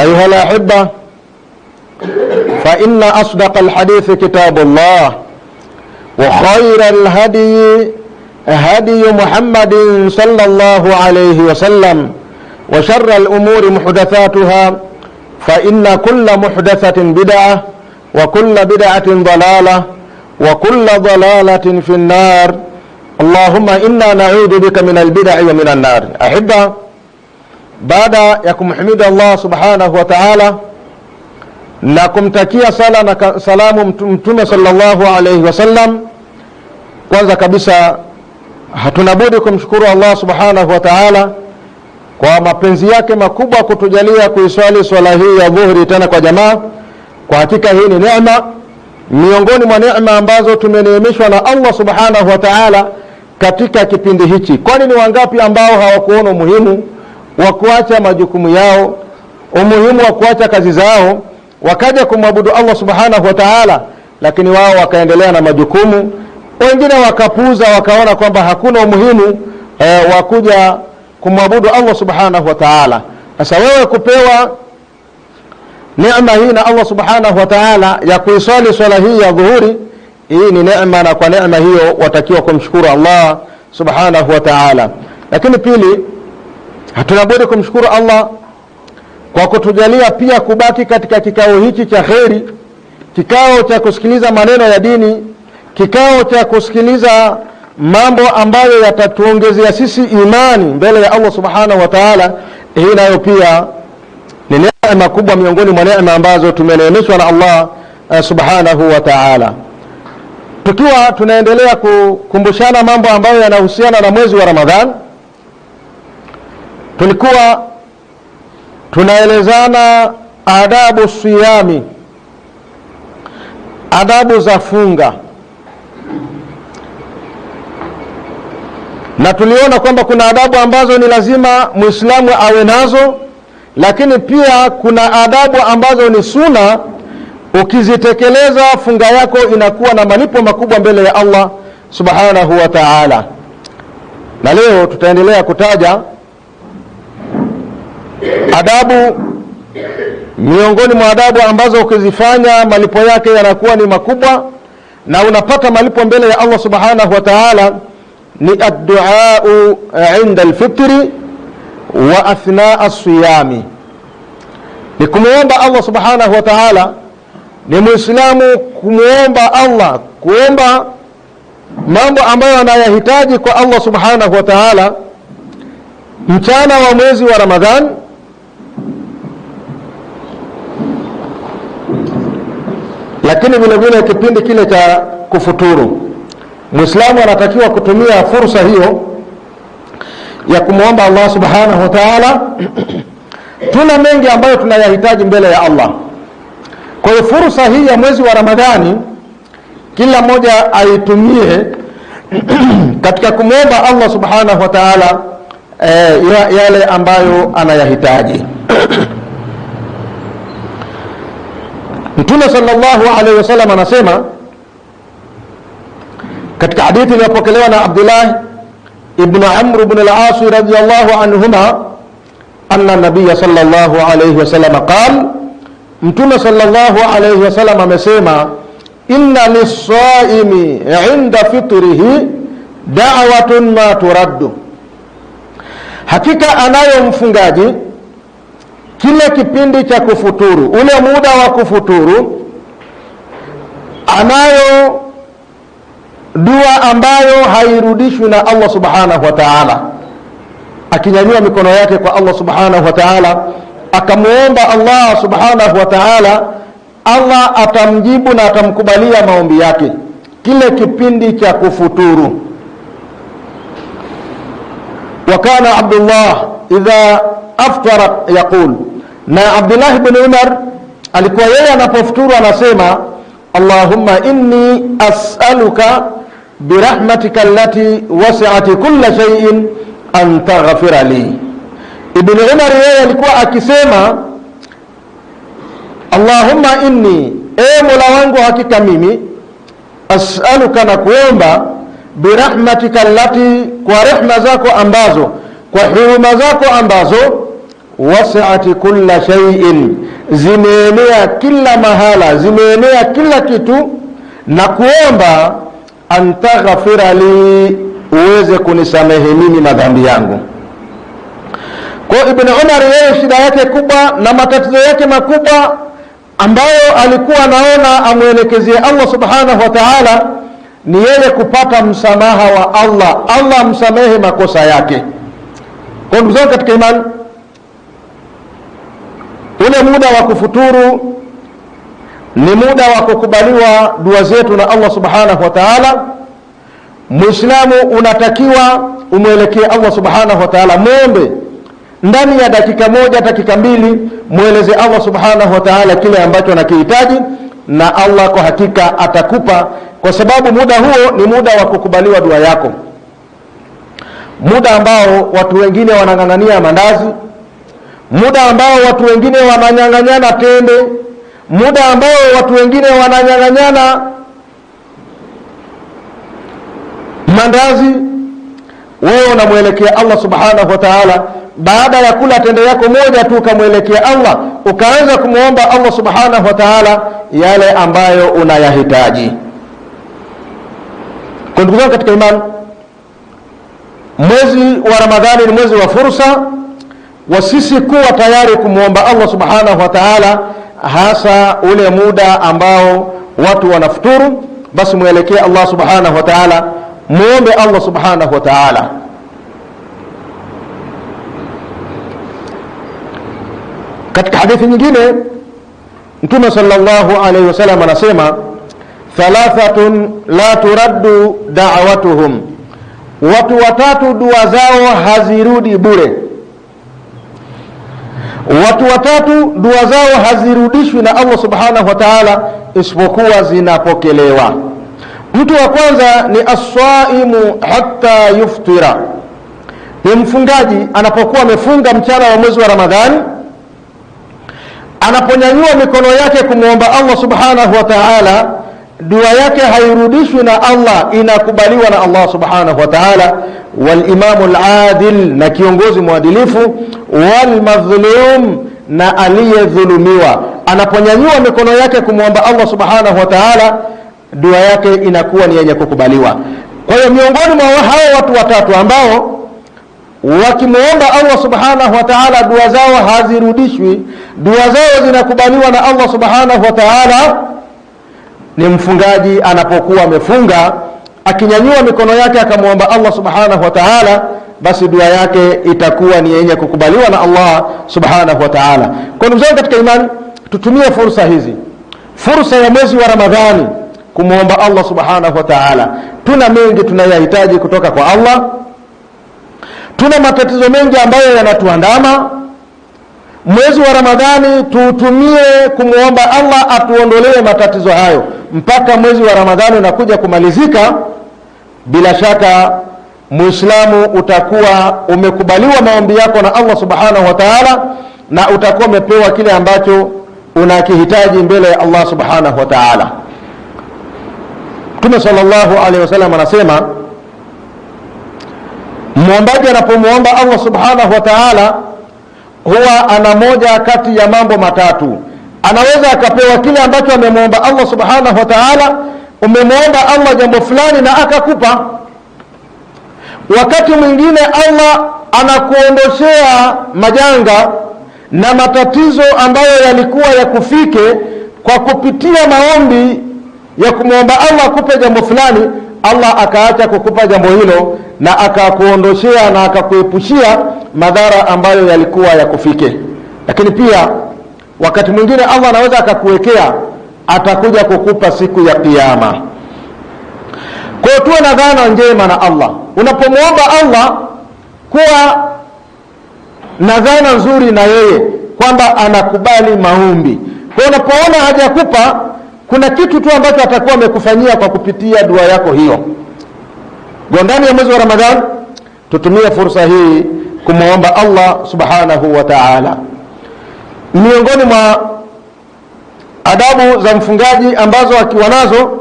أيها الأحبة فإن أصدق الحديث كتاب الله وخير الهدي هدي محمد صلى الله عليه وسلم وشر الأمور محدثاتها فإن كل محدثة بدعة وكل بدعة ضلالة وكل ضلالة في النار اللهم إنا نعوذ بك من البدع ومن النار أحبة baada ya kumhimidi Allah subhanahu wa ta'ala na kumtakia sala na salamu Mtume sallallahu alaihi wasallam, kwanza kabisa hatuna budi kumshukuru Allah subhanahu wa ta'ala kwa mapenzi yake makubwa kutujalia kuiswali swala hii ya dhuhri tena kwa jamaa. Kwa hakika hii ni neema miongoni mwa neema ambazo tumeneemeshwa na Allah subhanahu wa ta'ala katika kipindi hichi, kwani ni wangapi ambao hawakuona umuhimu wa kuacha majukumu yao, umuhimu wa kuacha kazi zao, wakaja kumwabudu Allah subhanahu wa ta'ala, lakini wao wakaendelea na majukumu. Wengine wakapuza wakaona kwamba hakuna umuhimu eh, wa kuja kumwabudu Allah subhanahu wa ta'ala. Sasa wewe kupewa neema hii na Allah subhanahu wa ta'ala ya kuiswali swala hii ya dhuhuri, hii ni neema, na kwa neema hiyo watakiwa kumshukuru Allah subhanahu wa ta'ala. Lakini pili Hatuna budi kumshukuru Allah kwa kutujalia pia kubaki katika kikao hiki cha kheri, kikao cha kusikiliza maneno ya dini, kikao cha kusikiliza mambo ambayo yatatuongezea sisi imani mbele ya Allah subhanahu wa taala. Hii nayo pia ni neema kubwa miongoni mwa neema ambazo tumeneemeshwa na Allah eh, subhanahu wa taala, tukiwa tunaendelea kukumbushana mambo ambayo yanahusiana na mwezi wa Ramadhani. Tulikuwa tunaelezana adabu siyami, adabu za funga, na tuliona kwamba kuna adabu ambazo ni lazima Muislamu awe nazo, lakini pia kuna adabu ambazo ni suna. Ukizitekeleza funga yako inakuwa na malipo makubwa mbele ya Allah subhanahu wa ta'ala, na leo tutaendelea kutaja Adabu, miongoni mwa adabu ambazo ukizifanya malipo yake yanakuwa ni makubwa na unapata malipo mbele ya Allah subhanahu wa ta'ala, ni addu'a inda alfitri wa athnaa siyami, ni kumwomba Allah subhanahu wa ta'ala. Ni muislamu kumwomba Allah, kuomba mambo ambayo anayahitaji kwa Allah subhanahu wa ta'ala mchana wa mwezi wa Ramadhan Lakini vile vile kipindi kile cha kufuturu, Muislamu anatakiwa kutumia fursa hiyo ya kumwomba Allah subhanahu wa ta'ala. Tuna mengi ambayo tunayahitaji mbele ya Allah. Kwa hiyo fursa hii ya mwezi wa Ramadhani kila mmoja aitumie katika kumwomba Allah subhanahu wa ta'ala, e, yale ambayo anayahitaji Mtume sallallahu alaihi wasallam anasema katika hadithi iliyopokelewa na Abdullah ibn Amr ibn al-As radhiyallahu anhuma anna nabiyya sallallahu alaihi wasallam qala Mtume sallallahu alaihi wasallam amesema inna lisaimi inda fitrihi da'watun ma turaddu, hakika anayo mfungaji kile kipindi cha kufuturu, ule muda wa kufuturu, anayo dua ambayo hairudishwi na Allah subhanahu wa ta'ala. Akinyanyua mikono yake kwa Allah subhanahu wa ta'ala, akamwomba Allah subhanahu wa ta'ala, Allah atamjibu na atamkubalia maombi yake, kile kipindi cha kufuturu wa kana اذا idha aftara yaqul, na الله ibn Umar alikuwa yeye anapofuturu anasema Allahumma inni as'aluka birahmatika allati wasi'at kulla shay'in an taghfira li. Ibn Umar yeye alikuwa akisema Allahumma inni, e Mola wangu, hakika mimi as'aluka, na kuomba birahmatika allati kwa rehma zako ambazo, kwa huruma zako ambazo wasiati kulla shay'in, zimeenea kila mahala, zimeenea kila kitu, na kuomba antaghfira li, uweze kunisamehe mimi madhambi yangu. Kwa Ibn Umar, yeye shida yake kubwa na matatizo yake makubwa ambayo alikuwa anaona amwelekezie Allah subhanahu wa ta'ala ni yeye kupata msamaha wa Allah, Allah amsamehe makosa yake. Kwa ndugu zangu katika imani, ule muda wa kufuturu ni muda wa kukubaliwa dua zetu na Allah subhanahu wa ta'ala. Muislamu unatakiwa umwelekee Allah subhanahu wa ta'ala, mwombe ndani ya dakika moja, dakika mbili, mweleze Allah subhanahu wa ta'ala kile ambacho anakihitaji, na Allah kwa hakika atakupa kwa sababu muda huo ni muda wa kukubaliwa dua yako, muda ambao watu wengine wanang'ang'ania mandazi, muda ambao watu wengine wananyang'anyana tende, muda ambao watu wengine wananyang'anyana mandazi, wewe unamwelekea Allah subhanahu wa ta'ala. Baada ya kula tende yako moja tu ukamwelekea Allah, ukaanza kumwomba Allah subhanahu wa ta'ala yale ambayo unayahitaji. Kwa ndugu zangu katika imani, mwezi wa Ramadhani ni mwezi wa fursa wa sisi kuwa tayari kumwomba Allah subhanahu wa ta'ala, hasa ule muda ambao watu wanafuturu. Basi mwelekee Allah subhanahu wa ta'ala, muombe Allah subhanahu wa ta'ala. Katika hadithi nyingine Mtume sallallahu alaihi wasallam anasema thalathatun la turaddu da'watuhum, watu watatu dua zao hazirudi bure. Watu watatu dua zao hazirudishwi na Allah subhanahu wa ta'ala, isipokuwa zinapokelewa. Mtu wa kwanza ni assaimu hatta yuftira, ni mfungaji anapokuwa amefunga mchana wa mwezi wa Ramadhani anaponyanyua mikono yake kumwomba Allah subhanahu wa ta'ala dua yake hairudishwi na Allah, inakubaliwa na Allah subhanahu wa ta'ala. Walimamu aladil, na kiongozi mwadilifu, walmadhlum, na aliyedhulumiwa, anaponyanyua mikono yake kumwomba Allah subhanahu wa ta'ala, dua yake inakuwa ni yenye kukubaliwa. Kwa hiyo miongoni mwa hao watu watatu ambao wakimwomba Allah subhanahu wa ta'ala dua zao hazirudishwi, dua zao zinakubaliwa na Allah subhanahu wa ta'ala ni mfungaji anapokuwa amefunga akinyanyua mikono yake akamwomba Allah subhanahu wa ta'ala, basi dua yake itakuwa ni yenye kukubaliwa na Allah subhanahu wa ta'ala. Kwa ndugu zangu katika imani, tutumie fursa hizi, fursa ya mwezi wa Ramadhani kumwomba Allah subhanahu wa ta'ala. Tuna mengi tunayohitaji kutoka kwa Allah, tuna matatizo mengi ambayo yanatuandama mwezi wa Ramadhani tuutumie kumwomba Allah atuondolee matatizo hayo mpaka mwezi wa Ramadhani unakuja kumalizika. Bila shaka Muislamu utakuwa umekubaliwa maombi yako na Allah subhanahu wa ta'ala, na utakuwa umepewa kile ambacho unakihitaji mbele ya Allah subhanahu wa ta'ala. Mtume sallallahu alaihi wasallam anasema, mwombaji anapomwomba Allah subhanahu wa ta'ala huwa ana moja kati ya mambo matatu. Anaweza akapewa kile ambacho amemwomba Allah subhanahu wa ta'ala. Umemwomba Allah jambo fulani na akakupa. Wakati mwingine Allah anakuondoshea majanga na matatizo ambayo yalikuwa yakufike kwa kupitia maombi ya kumwomba Allah akupe jambo fulani Allah akaacha kukupa jambo hilo na akakuondoshea na akakuepushia madhara ambayo yalikuwa yakufike. Lakini pia wakati mwingine Allah anaweza akakuwekea, atakuja kukupa siku ya Kiyama. Kwa hiyo tuwe na dhana njema na Allah unapomwomba Allah, kuwa na dhana nzuri na yeye kwamba anakubali maombi. Kwa unapoona hajakupa kuna kitu tu ambacho atakuwa amekufanyia kwa kupitia dua yako hiyo. Ndani ya mwezi wa Ramadhani tutumie fursa hii kumwomba Allah subhanahu wa ta'ala. Miongoni mwa adabu za mfungaji ambazo akiwa nazo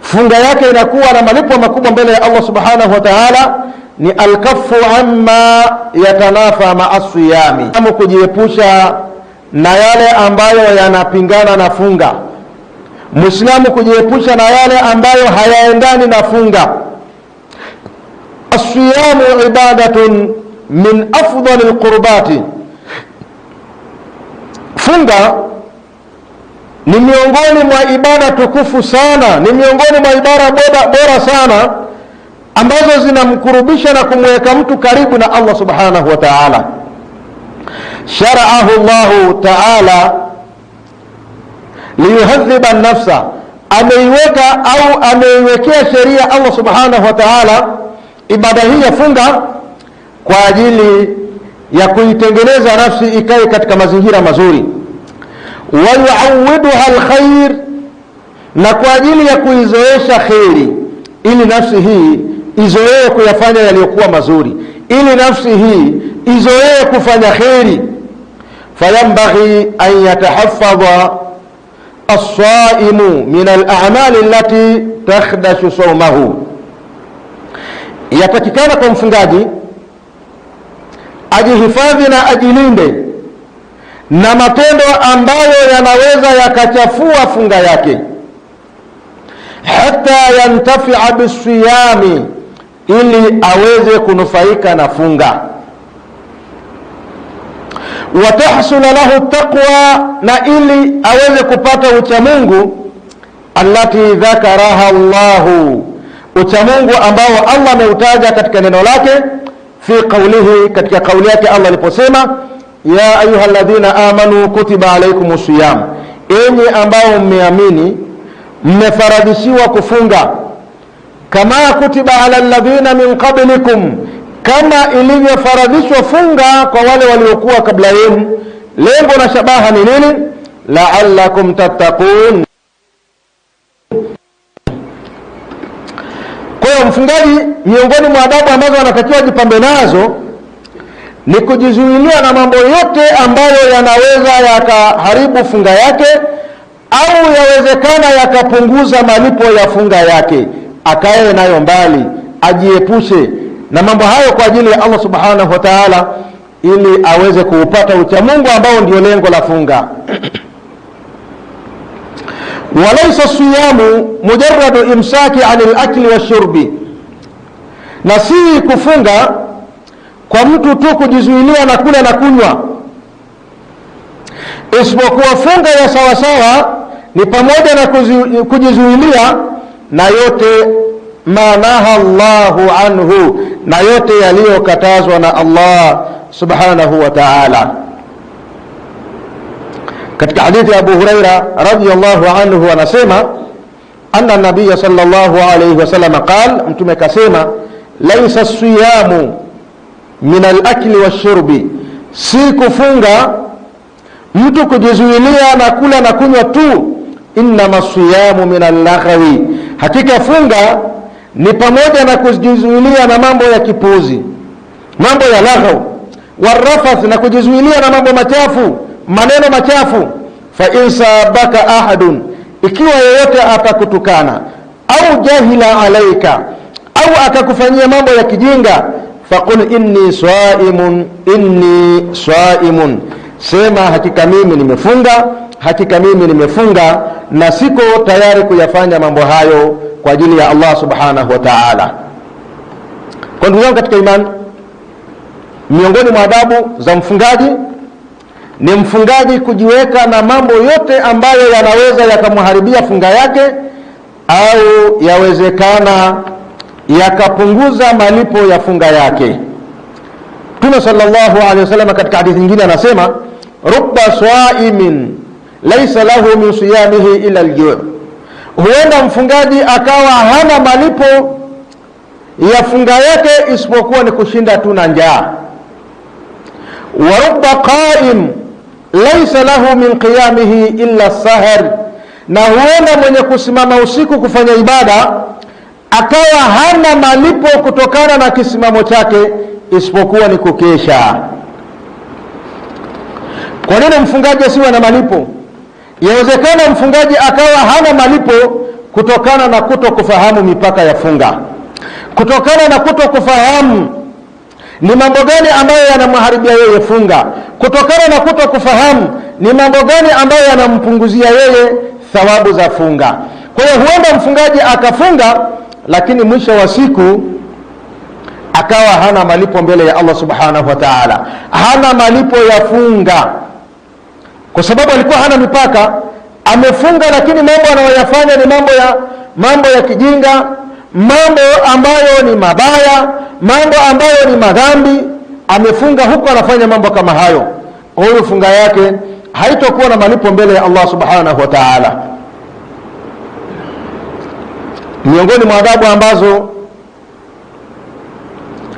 funga yake inakuwa na malipo makubwa mbele ya Allah subhanahu wa ta'ala ni alkafu amma yatanafa maa siyami, kujiepusha na yale ambayo yanapingana na funga muislamu kujiepusha na yale ambayo hayaendani na funga. Asiyamu ibadatun min afdali lqurbati, funga ni miongoni mwa ibada tukufu sana, ni miongoni mwa ibada bora, bora sana ambazo zinamkurubisha na kumweka mtu karibu na Allah subhanahu wa ta'ala. Sharaahu llahu ta'ala liyuhadhiba nafsa, ameiweka au ameiwekea sheria Allah subhanahu wa ta'ala ibada hii ya funga kwa ajili ya kuitengeneza nafsi ikae katika mazingira mazuri, wayuawiduha alkhair, na kwa ajili ya kuizoesha kheri, ili nafsi hii izoee kuyafanya yaliyokuwa mazuri, ili nafsi hii izoee kufanya kheri. Fayambaghi an yatahaffadha as-saimu min al-a'mali allati takhdashu saumahu yatakikana kwa mfungaji ajihifadhi na ajilinde na matendo ambayo yanaweza yakachafua funga yake, hata yantafia bisiyami, ili aweze kunufaika na funga watahsula lahu taqwa, na ili aweze kupata uchamungu allati dhakaraha llahu uchamungu ambao Allah ameutaja katika neno lake, fi qawlihi, katika kauli yake Allah aliposema ya ayuha alladhina amanu kutiba alaikum siyam, enyi ambao mmeamini mmefaradhishiwa kufunga, kama kutiba ala alladhina min qablikum kama ilivyofaradhishwa funga kwa wale waliokuwa kabla yenu. Lengo na shabaha ni nini? La'allakum tattaqun. Kwa mfungaji, miongoni mwa adabu ambazo anatakiwa jipambe nazo ni kujizuilia na mambo yote ambayo yanaweza yakaharibu funga yake au yawezekana yakapunguza malipo ya funga yake. Akae nayo mbali, ajiepushe na mambo hayo kwa ajili ya Allah subhanahu wa ta'ala, ili aweze kuupata uchamungu ambao ndio lengo la funga. Walaisa siyamu mujarradu imsaki anil akli washurbi, na si kufunga kwa mtu tu kujizuilia na kula na kunywa, isipokuwa funga ya sawasawa ni pamoja na kujizuilia na yote manaha Allahu anhu na yote yaliyokatazwa na Allah subhanahu wa ta'ala. Katika hadithi ya Abu Huraira radhiyallahu anhu anasema anna nabiya sallallahu alayhi wasallam qal mtume kasema, laisa siyamu min alakli washurbi, si kufunga mtu kujizuilia na kula na kunywa tu, innama siyamu min allaghawi, hakika funga ni pamoja na kujizuilia na mambo ya kipuzi mambo ya laghau, warafath, na kujizuilia na mambo machafu, maneno machafu. Fa in sabaka ahadun, ikiwa yeyote atakutukana au jahila alaika, au akakufanyia mambo ya kijinga, faqul inni saimun inni swaimun, sema hakika mimi nimefunga, hakika mimi nimefunga na siko tayari kuyafanya mambo hayo kwa ajili ya Allah subhanahu wa ta'ala. Kwa ndugu zangu katika imani, miongoni mwa adabu za mfungaji ni mfungaji kujiweka na mambo yote ambayo yanaweza yakamharibia funga yake au yawezekana yakapunguza malipo ya funga yake. Mtume sallallahu alaihi wasallam katika hadithi nyingine anasema, rubba swaimin laysa lahu min siyamihi ila al Huenda mfungaji akawa hana malipo ya funga yake isipokuwa ni kushinda tu na njaa. Wa rubba qaim laysa lahu min qiyamihi illa sahar, na huenda mwenye kusimama usiku kufanya ibada akawa hana malipo kutokana na kisimamo chake isipokuwa ni kukesha. Kwa nini mfungaji asiwe na malipo? Yawezekana mfungaji akawa hana malipo kutokana na kuto kufahamu mipaka ya funga, kutokana na kuto kufahamu ni mambo gani ambayo yanamharibia yeye funga, kutokana na kuto kufahamu ni mambo gani ambayo yanampunguzia yeye thawabu za funga. Kwa hiyo huenda mfungaji akafunga, lakini mwisho wa siku akawa hana malipo mbele ya Allah subhanahu wa ta'ala, hana malipo ya funga kwa sababu alikuwa hana mipaka, amefunga, lakini mambo anayoyafanya ni mambo ya mambo ya kijinga, mambo ambayo ni mabaya, mambo ambayo ni madhambi. Amefunga huku anafanya mambo kama hayo, kwa hiyo funga yake haitokuwa na malipo mbele ya Allah subhanahu wa ta'ala. Miongoni mwa adabu ambazo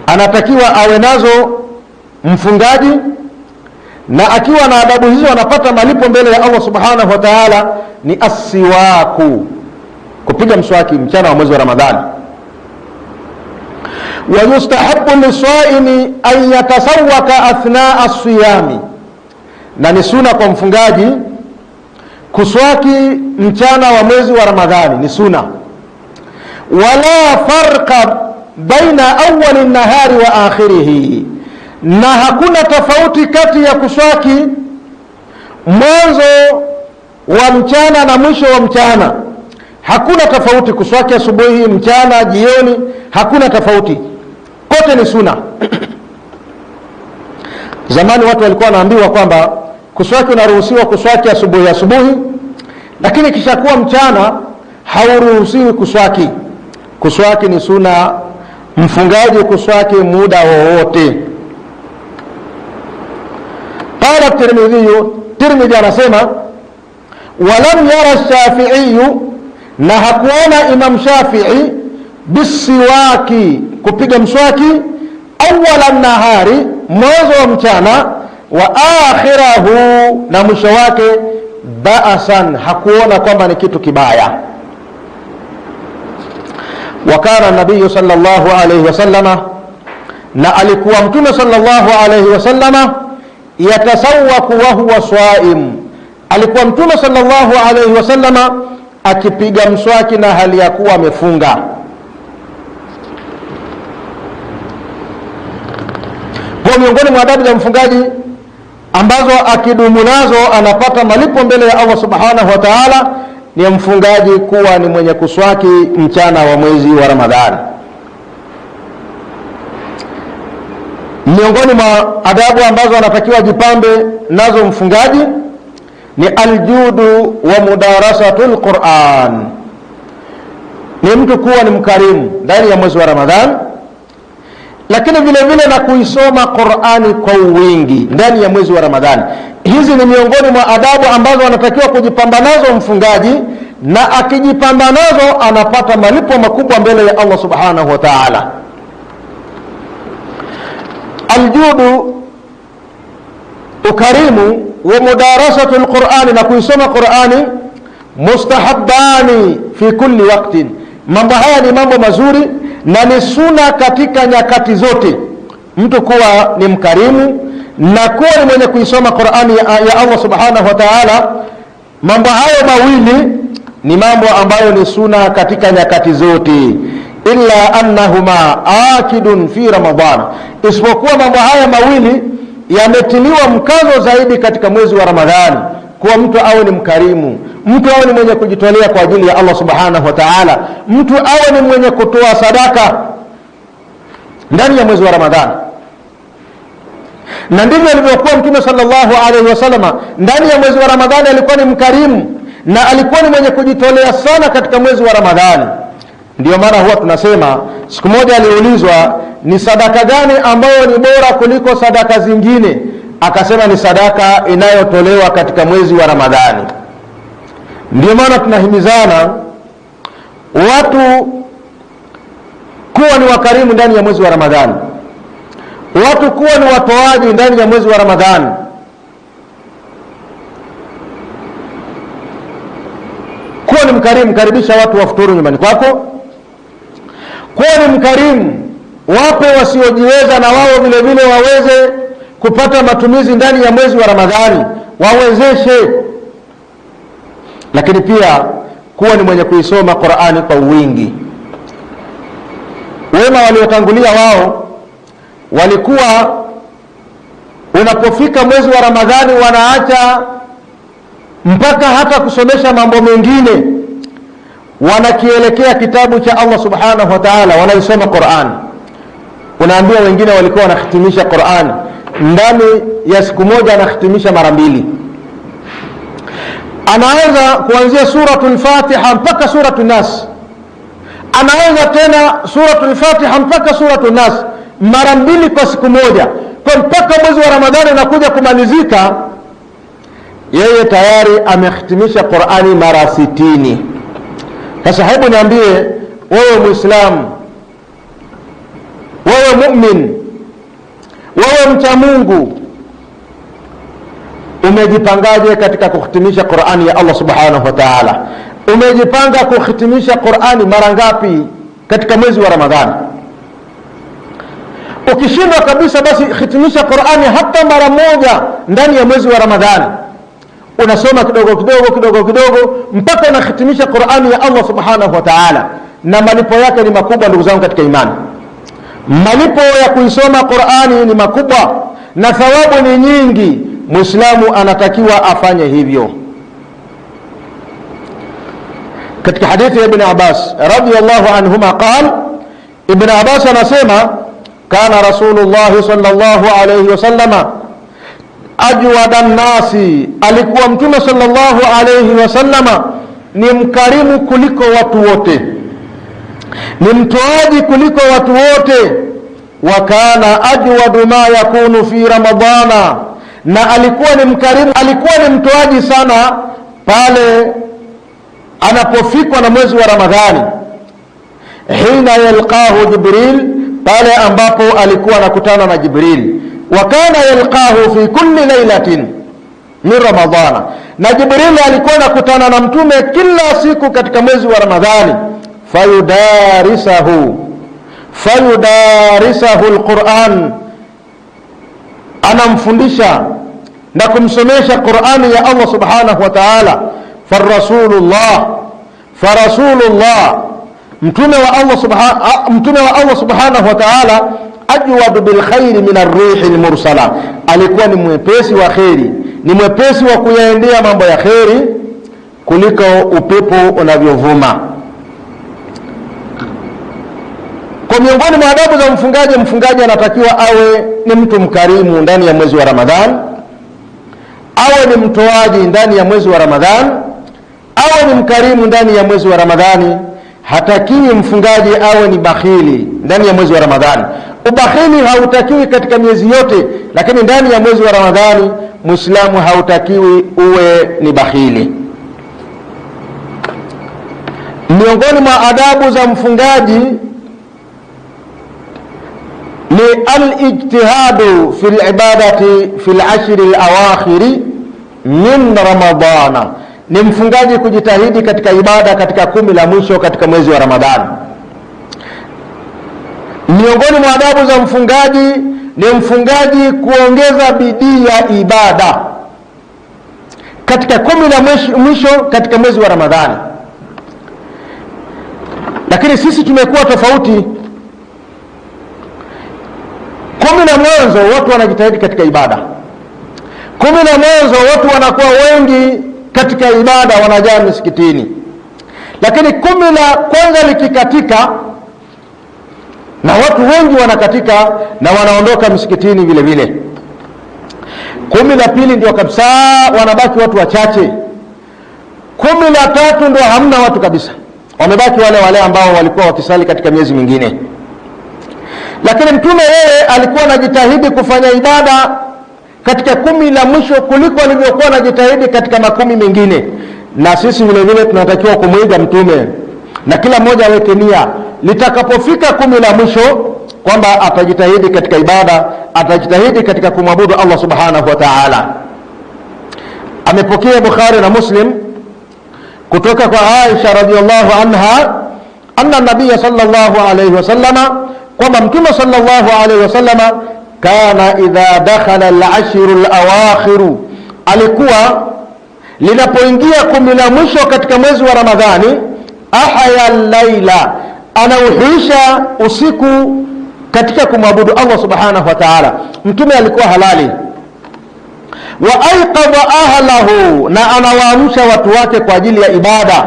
anatakiwa awe nazo mfungaji na akiwa na adabu hizo anapata malipo mbele ya Allah subhanahu wa ta'ala, ni asiwaku, kupiga mswaki mchana wa mwezi wa Ramadhani. wa yustahabu lisaimi an yatasawaka athnaa siyami, na ni suna kwa mfungaji kuswaki mchana wa mwezi wa Ramadhani, ni suna. wala farqa baina awali nahari wa akhirihi na hakuna tofauti kati ya kuswaki mwanzo wa mchana na mwisho wa mchana. Hakuna tofauti kuswaki asubuhi, mchana, jioni, hakuna tofauti, kote ni suna. Zamani watu walikuwa wanaambiwa kwamba kuswaki, unaruhusiwa kuswaki asubuhi asubuhi, lakini kisha kuwa mchana hauruhusiwi kuswaki. Kuswaki ni suna, mfungaji kuswaki muda wowote qala Tirmidhiyu, Tirmidhi anasema walam yara Shafiiyu, na hakuona Imam Shafii bisiwaki, kupiga mswaki awala nahari, mwanzo wa mchana, wa akhirahu, na mwisho wake baasan, hakuona kwamba ni kitu kibaya. Wa kana nabiyu sallallahu alayhi wasallama, na alikuwa mtume sallallahu alayhi wasallama yatasawaku wa huwa swaim, alikuwa Mtume sallallahu alaihi wasallama akipiga mswaki na hali ya kuwa amefunga. Kwa miongoni mwa adabu za mfungaji ambazo akidumu nazo anapata malipo mbele ya Allah subhanahu wa ta'ala, ni mfungaji kuwa ni mwenye kuswaki mchana wa mwezi wa Ramadhani. Miongoni mwa adabu ambazo anatakiwa jipambe nazo mfungaji ni aljudu wa mudarasatul Quran, ni mtu kuwa ni mkarimu ndani ya mwezi wa Ramadhan, lakini vile vile na kuisoma Qurani kwa wingi ndani ya mwezi wa Ramadhani. Hizi ni miongoni mwa adabu ambazo anatakiwa kujipamba nazo mfungaji, na akijipamba nazo anapata malipo makubwa mbele ya Allah subhanahu wa ta'ala aljudu ukarimu wa mudarasatu alqurani na kuisoma qurani mustahabbani fi kulli waqtin mambo haya ni mambo mazuri na ni suna katika nyakati zote mtu kuwa ni mkarimu na kuwa ni mwenye kuisoma qurani ya allah subhanahu wa taala mambo hayo mawili ni mambo ambayo ni suna katika nyakati zote illa annahuma akidun fi ramadan isipokuwa mambo haya mawili yametiliwa mkazo zaidi katika mwezi wa Ramadhani, kuwa mtu awe ni mkarimu, mtu awe ni mwenye kujitolea kwa ajili ya Allah subhanahu wa ta'ala, mtu awe ni mwenye kutoa sadaka ndani ya mwezi wa Ramadhani. Na ndivyo alivyokuwa Mtume sallallahu alaihi wasallam ndani ya mwezi wa Ramadhani, alikuwa ni mkarimu na alikuwa ni mwenye kujitolea sana katika mwezi wa Ramadhani. Ndiyo maana huwa tunasema, siku moja aliulizwa ni sadaka gani ambayo ni bora kuliko sadaka zingine, akasema ni sadaka inayotolewa katika mwezi wa Ramadhani. Ndiyo maana tunahimizana watu kuwa ni wakarimu ndani ya mwezi wa Ramadhani, watu kuwa ni watoaji ndani ya mwezi wa Ramadhani. Kuwa ni mkarimu, karibisha watu wafuturu nyumbani kwako kuwa ni mkarimu, wape wasiojiweza na wao vile vile waweze kupata matumizi ndani ya mwezi wa Ramadhani, wawezeshe. Lakini pia kuwa ni mwenye kuisoma Qur'ani kwa wingi. Wema waliotangulia wao walikuwa, unapofika mwezi wa Ramadhani, wanaacha mpaka hata kusomesha mambo mengine wanakielekea kitabu cha Allah subhanahu wa ta'ala, wanaisoma Qur'an. unaambia wengine walikuwa wanahitimisha Qur'an ndani ya siku moja, anahitimisha mara mbili. anaweza kuanzia suratul Fatiha mpaka suratul Nas, anaweza tena suratul Fatiha mpaka suratul Nas mara mbili kwa siku moja, kwa mpaka mwezi wa Ramadhani unakuja kumalizika, yeye tayari amehitimisha Qur'ani mara sitini. Sasa hebu niambie wewe Muislamu, wewe mumin, wewe mcha Mungu, umejipangaje katika kuhitimisha Qur'ani ya Allah subhanahu wa ta'ala? Umejipanga kuhitimisha Qur'ani mara ngapi katika mwezi wa Ramadhani? Ukishindwa kabisa, basi hitimisha Qur'ani hata mara moja ndani ya mwezi wa Ramadhani unasoma kidogo kidogo kidogo kidogo mpaka unahitimisha Qur'ani ya Allah subhanahu wa ta'ala, na malipo yake ni makubwa. Ndugu zangu katika imani, malipo ya kuisoma Qur'ani ni makubwa na thawabu ni nyingi. Muislamu anatakiwa afanye hivyo. Katika hadithi ya Ibn Abbas radhiyallahu anhuma qala, Ibn Abbas anasema kana Rasulullah sallallahu alayhi wasallama ajwada nnasi, alikuwa Mtume sallallahu alayhi wasallama ni mkarimu kuliko watu wote, ni mtoaji kuliko watu wote. Wa kana ajwadu ma yakunu fi Ramadhana, na alikuwa ni mkarimu, alikuwa ni mtoaji sana pale anapofikwa na mwezi wa Ramadhani. Hina yalqahu Jibril, pale ambapo alikuwa anakutana na Jibril wa kana yalqahu fi kulli lailatin min Ramadhana, na Jibril alikuwa anakutana na mtume kila siku katika mwezi wa Ramadhani. fayudarisahu fayudarisahu alquran, anamfundisha na kumsomesha Qurani ya Allah subhanahu wa ta'ala. Farasulullah, farasulullah, mtume wa Allah subhanahu wa ta'ala ajwadu bilkhairi min arrihi lmursala, alikuwa ni mwepesi wa kheri, ni mwepesi wa kuyaendea mambo ya kheri kuliko upepo unavyovuma. Kwa miongoni mwa adabu za mfungaji, mfungaji anatakiwa awe ni mtu mkarimu ndani ya mwezi wa Ramadhan, awe ni mtoaji ndani ya mwezi wa Ramadhan, awe ni mkarimu ndani ya mwezi wa Ramadhani. Hatakiwi mfungaji awe ni bakhili ndani ya mwezi wa Ramadhani. Ubakhili hautakiwi katika miezi yote, lakini ndani ya mwezi wa Ramadhani muislamu hautakiwi uwe ni bakhili. Miongoni mwa adabu za mfungaji ni alijtihadu fi libadati fi lashri lawakhiri min Ramadana, ni mfungaji kujitahidi katika ibada katika kumi la mwisho katika mwezi wa Ramadhani. Miongoni mwa adabu za mfungaji ni mfungaji kuongeza bidii ya ibada katika kumi la mwisho katika mwezi wa Ramadhani. Lakini sisi tumekuwa tofauti. Kumi la mwanzo watu wanajitahidi katika ibada, kumi la mwanzo watu wanakuwa wengi katika ibada, wanajaa misikitini, lakini kumi la kwanza likikatika na watu wengi wanakatika na wanaondoka msikitini vile vile. Kumi la pili ndio kabisa wanabaki watu wachache. Kumi la tatu ndio hamna watu kabisa, wamebaki wale wale ambao walikuwa wakisali katika miezi mingine. Lakini mtume yeye alikuwa anajitahidi kufanya ibada katika kumi la mwisho kuliko alivyokuwa anajitahidi katika makumi mengine, na sisi vile vile tunatakiwa kumwiga mtume na kila mmoja aweke nia litakapofika kumi la mwisho kwamba atajitahidi katika ibada, atajitahidi katika kumwabudu Allah subhanahu wa ta'ala. Amepokea Bukhari na Muslim kutoka kwa Aisha radhiyallahu anha anna nabiya sallallahu alayhi wasallama, kwamba mtume sallallahu alayhi wasallama kana idha dakhala al-ashru al alikuwa linapoingia kumi la mwisho katika mwezi wa Ramadhani, ahaya al-laila anauhuisha usiku katika kumwabudu Allah subhanahu wa ta'ala. Mtume alikuwa halali wa aiqadha ahlahu, na anawaamsha watu wake kwa ajili ya ibada.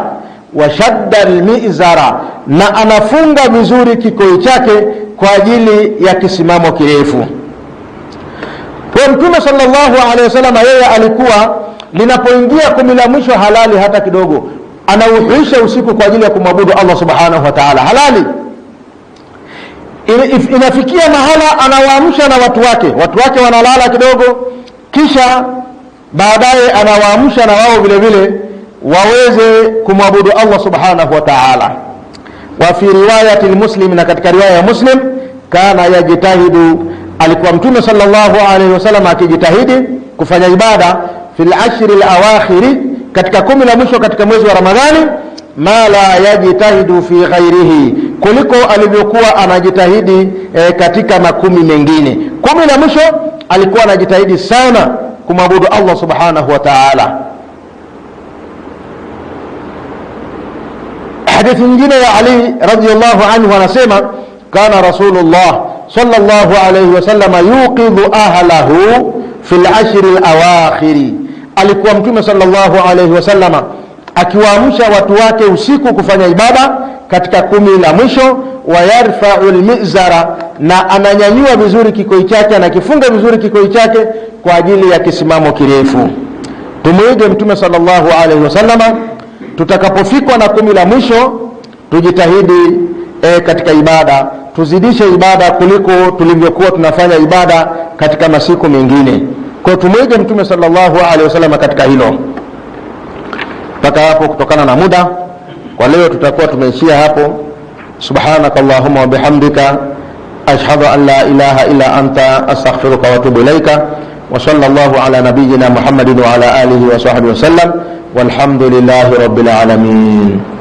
Washadda almizara, na anafunga vizuri kikoi chake kwa ajili ya kisimamo kirefu. Kwa Mtume sallallahu alayhi wasallam, yeye alikuwa linapoingia kumi mwisho halali hata kidogo, anauhuisha usiku kwa ajili ya kumwabudu Allah subhanahu wa ta'ala halali. Inafikia mahala anawaamsha na watu wake, watu wake wanalala kidogo, kisha baadaye anawaamsha na wao vile vile waweze kumwabudu Allah subhanahu wa ta'ala. Wa fi riwayati Muslim, na katika riwaya ya Muslim, kana yajtahidu, alikuwa Mtume sallallahu alayhi wasallam akijitahidi kufanya ibada fil ashri al katika kumi la mwisho katika mwezi wa Ramadhani, ma la yajtahidu fi ghairihi, kuliko alivyokuwa anajitahidi e, katika makumi mengine. Kumi la mwisho alikuwa anajitahidi sana kumwabudu Allah subhanahu wa ta'ala. Hadithi nyingine ya Ali radhiyallahu anhu anasema kana rasulullah sallallahu alayhi wasallam yuqidhu ahlahu fil ashri al-awakhiri alikuwa Mtume sallallahu alayhi wasallama akiwaamsha watu wake usiku kufanya ibada katika kumi la mwisho, wa yarfau lmizara, na ananyanyua vizuri kikoi chake, anakifunga vizuri kikoi chake kwa ajili ya kisimamo kirefu. Tumwige Mtume sallallahu alaihi wasallama. Tutakapofikwa na kumi la mwisho, tujitahidi e, katika ibada, tuzidishe ibada kuliko tulivyokuwa tunafanya ibada katika masiku mengine. kwa tumwige mtume sallallahu alaihi wasallam katika hilo mpaka hapo kutokana na muda kwa leo tutakuwa tumeishia hapo subhanaka allahumma wa bihamdika ashhadu an la ilaha illa anta astaghfiruka wa atubu ilaika wa sallallahu ala nabiyyina muhammadin wa ala alihi wa sahbihi wasallam والحمد لله رب العالمين